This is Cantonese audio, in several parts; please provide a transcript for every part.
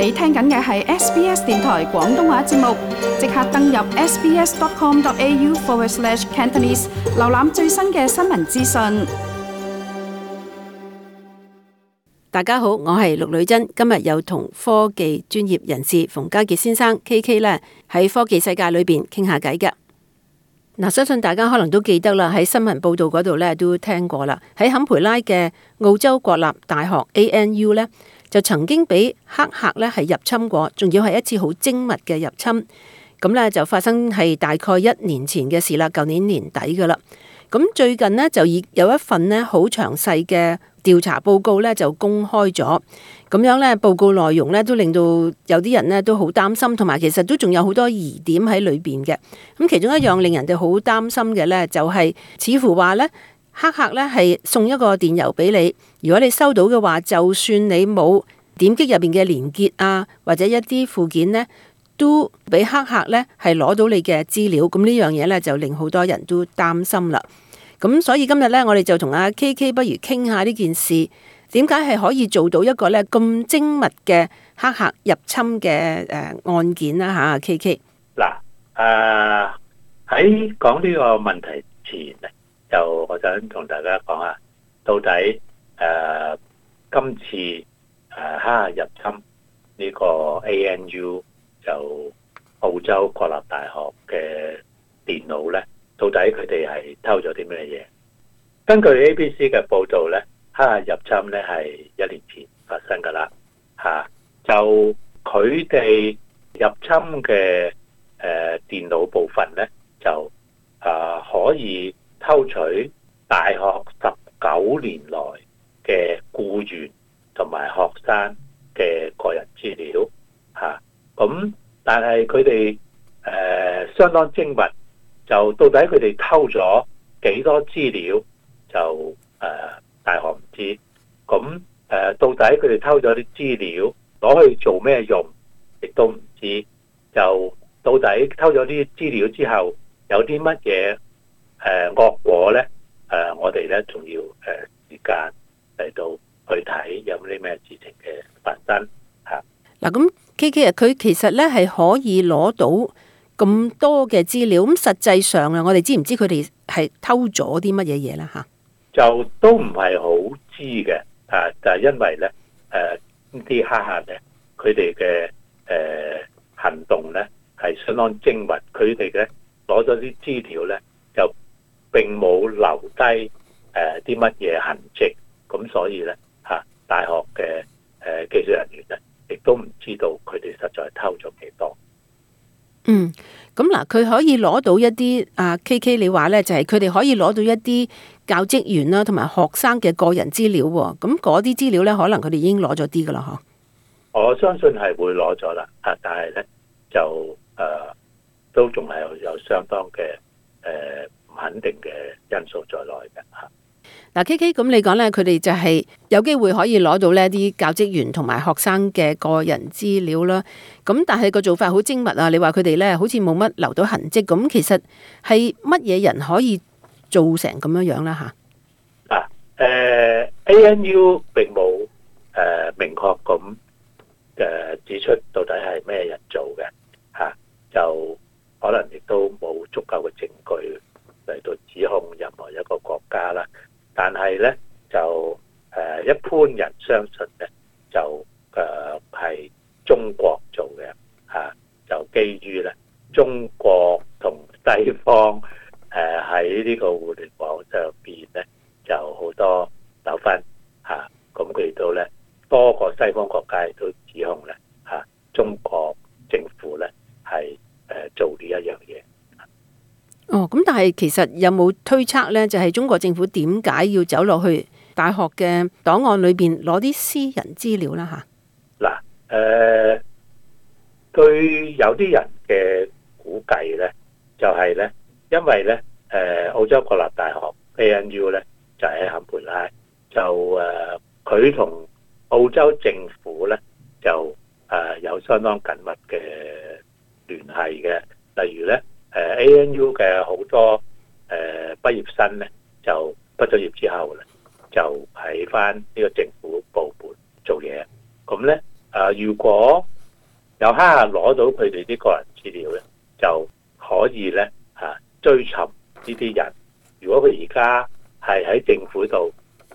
你聽緊嘅係 SBS 電台廣東話節目，即刻登入 sbs.com.au/cantonese an 瀏覽最新嘅新聞資訊。大家好，我係陸女真，今日有同科技專業人士馮家杰先生 KK 呢喺科技世界裏邊傾下偈嘅。嗱、啊，相信大家可能都記得啦，喺新聞報導嗰度咧都聽過啦，喺坎培拉嘅澳洲國立大學 ANU 呢。就曾經俾黑客咧係入侵過，仲要係一次好精密嘅入侵，咁咧就發生係大概一年前嘅事啦，舊年年底嘅啦。咁最近呢，就已有一份呢好詳細嘅調查報告咧就公開咗，咁樣咧報告內容咧都令到有啲人呢都好擔心，同埋其實都仲有好多疑點喺裏邊嘅。咁其中一樣令人哋好擔心嘅咧，就係似乎話咧。黑客咧係送一個電郵俾你，如果你收到嘅話，就算你冇點擊入邊嘅連結啊，或者一啲附件呢，都俾黑客咧係攞到你嘅資料。咁呢樣嘢咧就令好多人都擔心啦。咁所以今日咧，我哋就同阿 KK 不如傾下呢件事，點解係可以做到一個咧咁精密嘅黑客入侵嘅誒案件啦、啊？嚇 KK，嗱，誒喺講呢個問題前想同大家講下，到底誒、呃、今次誒黑客、啊、入侵呢個 A N U 就澳洲國立大學嘅電腦咧，到底佢哋係偷咗啲咩嘢？根據 A B C 嘅報道咧，黑客、啊、入侵咧係一年前發生噶啦嚇，就佢哋入侵嘅誒、呃、電腦部分咧，就啊可以偷取。大學十九年來嘅僱員同埋學生嘅個人資料，吓、啊、咁、嗯，但係佢哋誒相當精密，就到底佢哋偷咗幾多資料，就誒、呃、大學唔知，咁、嗯、誒、呃、到底佢哋偷咗啲資料攞去做咩用，亦都唔知，就到底偷咗啲資料之後有啲乜嘢誒惡果咧？誒，我哋咧仲要誒，時間嚟到去睇有冇啲咩事情嘅發生吓。嗱，咁 KK 啊，佢其實咧係可以攞到咁多嘅資料，咁實際上啊，我哋、呃啊啊嗯、知唔知佢哋係偷咗啲乜嘢嘢咧？吓，就都唔係好知嘅，啊，就因為咧，誒、啊，呢啲黑客咧，佢哋嘅誒行動咧係相當精密，佢哋咧攞咗啲資料咧。並冇留低誒啲乜嘢痕跡，咁所以咧嚇、啊、大學嘅誒、呃、技術人員咧，亦都唔知道佢哋實在偷咗幾多。嗯，咁嗱，佢可以攞到一啲啊，KK，你話咧就係佢哋可以攞到一啲教職員啦，同埋學生嘅個人資料喎。咁嗰啲資料咧，可能佢哋已經攞咗啲噶啦，嗬、啊。我相信係會攞咗啦，嚇、啊，但係咧就誒、呃、都仲係有相當嘅誒。呃肯定嘅因素在內嘅吓。嗱、啊，KK，咁你講呢，佢哋就係有機會可以攞到呢啲教職員同埋學生嘅個人資料啦。咁但係個做法好精密啊！你話佢哋呢好似冇乜留到痕跡，咁其實係乜嘢人可以做成咁樣樣咧？吓誒，ANU 並冇，呃、明確咁指出到底係咩人做嘅吓、啊，就可能亦都冇足夠嘅證係咧就誒一般人相信咧就誒係中國做嘅嚇、啊，就基於咧中國同西方誒喺呢個互聯網上邊咧就好多糾紛嚇，咁佢哋都咧多個西方國家亦都指控咧嚇、啊、中國政府咧係誒做呢一樣嘢。哦，咁但係其實有冇推測呢？就係、是、中國政府點解要走落去大學嘅檔案裏邊攞啲私人資料啦？吓，嗱、呃，據有啲人嘅估計呢，就係、是、呢：因為呢、呃，澳洲國立大學 （ANU） 呢，就喺、是、坎培拉，就誒，佢、呃、同澳洲政府呢，就、呃、有相當緊密嘅聯繫嘅，例如呢。誒 A N U 嘅好多誒、uh, 畢業生咧，就畢咗業之後咧，就喺翻呢個政府部門做嘢。咁咧誒，如果由黑客攞到佢哋啲個人資料咧，就可以咧嚇、啊、追尋呢啲人。如果佢而家係喺政府度誒、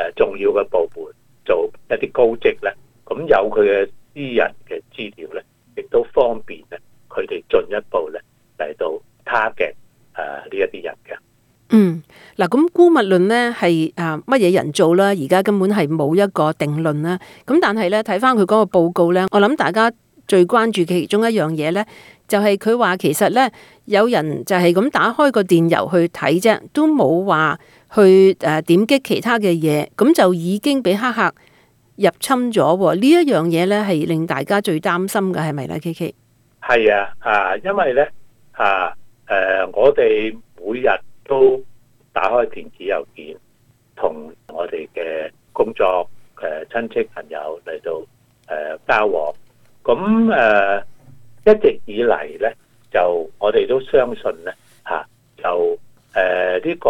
啊、重要嘅部門做一啲高職咧，咁有佢嘅私人嘅資料咧，亦都方便咧佢哋進一步。嗱，咁、啊、孤物論呢係啊乜嘢人做啦？而家根本係冇一個定論啦。咁但係呢，睇翻佢嗰個報告呢，我諗大家最關注其中一樣嘢呢，就係佢話其實呢，有人就係咁打開個電郵去睇啫，都冇話去誒、啊、點擊其他嘅嘢，咁、嗯、就已經俾黑客入侵咗喎。啊、呢一樣嘢呢係令大家最擔心嘅係咪呢？KK 係啊啊，因為呢，啊、啊，我哋每日都～打開電子郵件，同我哋嘅工作誒、親戚朋友嚟到誒、呃、交往。咁誒、呃、一直以嚟咧，就我哋都相信咧吓、啊，就誒呢、呃呢個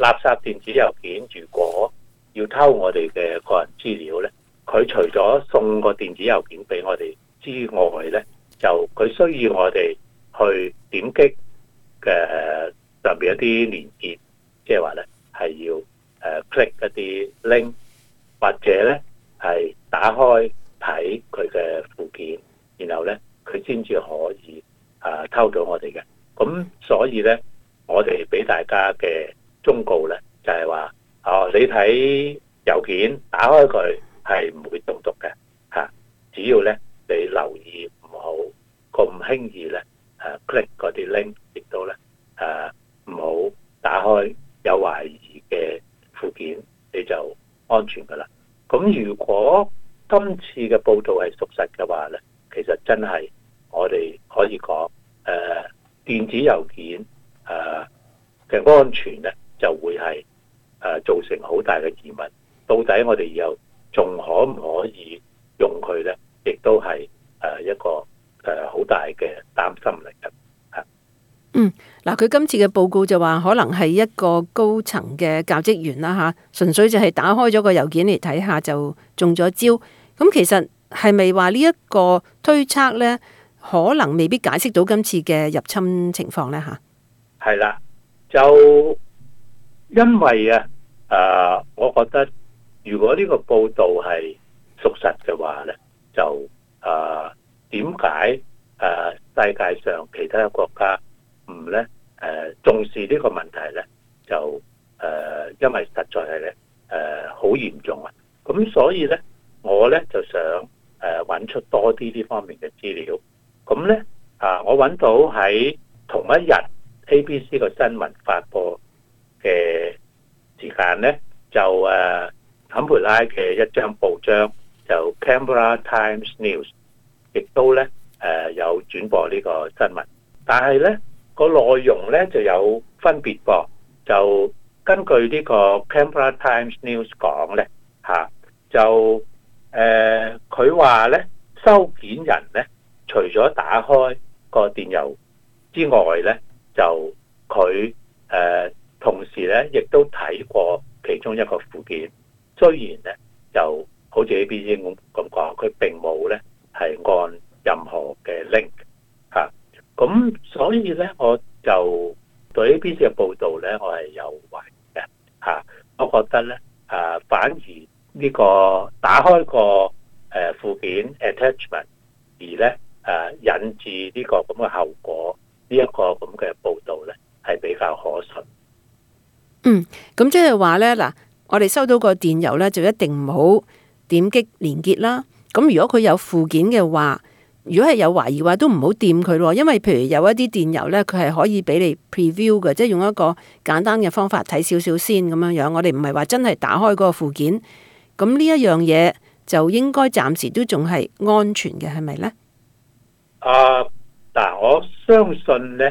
垃圾電子郵件，如果要偷我哋嘅個人資料咧，佢除咗送個電子郵件俾我哋之外咧，就佢需要我哋去點擊嘅入邊一啲鏈接。click 一啲 link 或者咧係打開睇佢嘅附件，然後咧佢先至可以啊偷咗我哋嘅。咁所以咧，我哋俾大家嘅忠告咧，就係話：哦，你睇郵件，打開佢係唔會中毒嘅吓。只要咧你留意唔好咁輕易咧啊 click 嗰啲 link，亦都咧啊唔好打開有懷疑嘅。條件你就安全噶啦咁如果今次嘅報道係屬實嘅話咧，其實真係我哋可以講，誒電子郵件誒嘅安全咧就會係誒造成好大嘅疑問。到底我哋以後仲可唔可以用佢咧？亦都係誒一個誒好大嘅擔心嚟嘅。吓嗯。嗱，佢今次嘅報告就話，可能係一個高層嘅教職員啦，嚇、啊，純粹就係打開咗個郵件嚟睇下，就中咗招。咁、啊、其實係咪話呢一個推測呢？可能未必解釋到今次嘅入侵情況呢。嚇，係啦，就因為啊，啊、呃，我覺得如果呢個報道係屬實嘅話呢就啊，點、呃、解、呃、世界上其他國家重視呢個問題咧，就誒因為實在係咧誒好嚴重啊，咁所以咧我咧就想誒揾出多啲呢方面嘅資料。咁咧啊，我揾到喺同一日 ABC 嘅新聞發佈嘅時間咧，就誒坎培拉嘅一張報章就 Canberra Times News，亦都咧誒有轉播呢個新聞，但係咧。個內容咧就有分別噃，就根據呢個《Canberra Times News》講咧嚇，就誒佢話咧收件人咧除咗打開個電郵之外咧，就佢誒、呃、同時咧亦都睇過其中一個附件，雖然咧就好似 A B C 咁講，佢並冇咧係按任何嘅 link。咁所以咧，我就對呢篇嘅報道咧，我係有懷疑嘅嚇。我覺得咧，誒、啊、反而呢個打開個誒附、啊、件 attachment 而咧誒、啊、引致呢個咁嘅後果呢一個咁嘅報道咧，係比較可信。嗯，咁即係話咧，嗱，我哋收到個電郵咧，就一定唔好點擊連結啦。咁如果佢有附件嘅話，如果係有懷疑嘅話，都唔好掂佢咯，因為譬如有一啲電郵呢，佢係可以俾你 preview 嘅，即係用一個簡單嘅方法睇少少先咁樣。樣我哋唔係話真係打開嗰個附件，咁呢一樣嘢就應該暫時都仲係安全嘅，係咪呢？啊、呃，但、呃、我相信呢，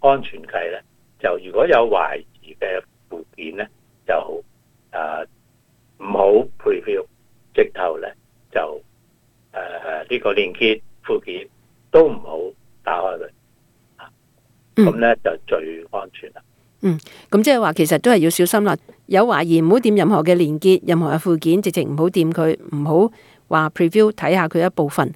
安全計呢，就如果有懷疑嘅附件呢，就、呃、好啊，唔好 preview 直頭呢，就誒呢、呃呢個連結。附件都唔好打開佢，啊，咁呢就最安全啦。嗯，咁即係話，其實都係要小心啦。有懷疑唔好掂任何嘅連結、任何嘅附件，直情唔好掂佢，唔好話 preview 睇下佢一部分。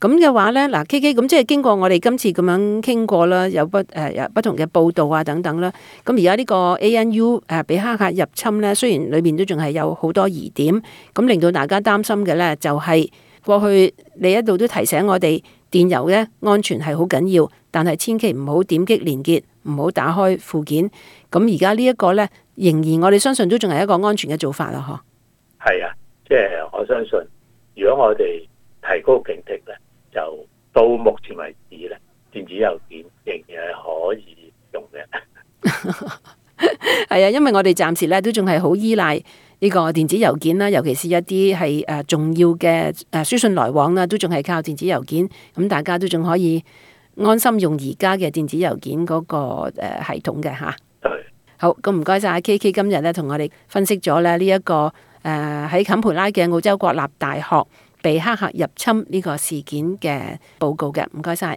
咁嘅話呢，嗱，KK，咁即係經過我哋今次咁樣傾過啦，有不誒不同嘅報道啊等等啦。咁而家呢個 ANU 誒被黑客入侵呢，雖然裏面都仲係有好多疑點，咁令到大家擔心嘅呢，就係、是。過去你一度都提醒我哋電郵呢安全係好緊要，但係千祈唔好點擊連結，唔好打開附件。咁而家呢一個呢，仍然我哋相信都仲係一個安全嘅做法喇！嗬，係啊，即係我相信，如果我哋提高警惕呢，就到目前為止呢，電子郵件仍然係可以用嘅。係 啊，因為我哋暫時呢都仲係好依賴。呢個電子郵件啦，尤其是一啲係誒重要嘅誒書信來往啦，都仲係靠電子郵件。咁大家都仲可以安心用而家嘅電子郵件嗰個誒系統嘅嚇。對好，咁唔該曬 KK 今日咧同我哋分析咗咧呢一個誒喺、呃、坎培拉嘅澳洲國立大學被黑客入侵呢個事件嘅報告嘅，唔該晒。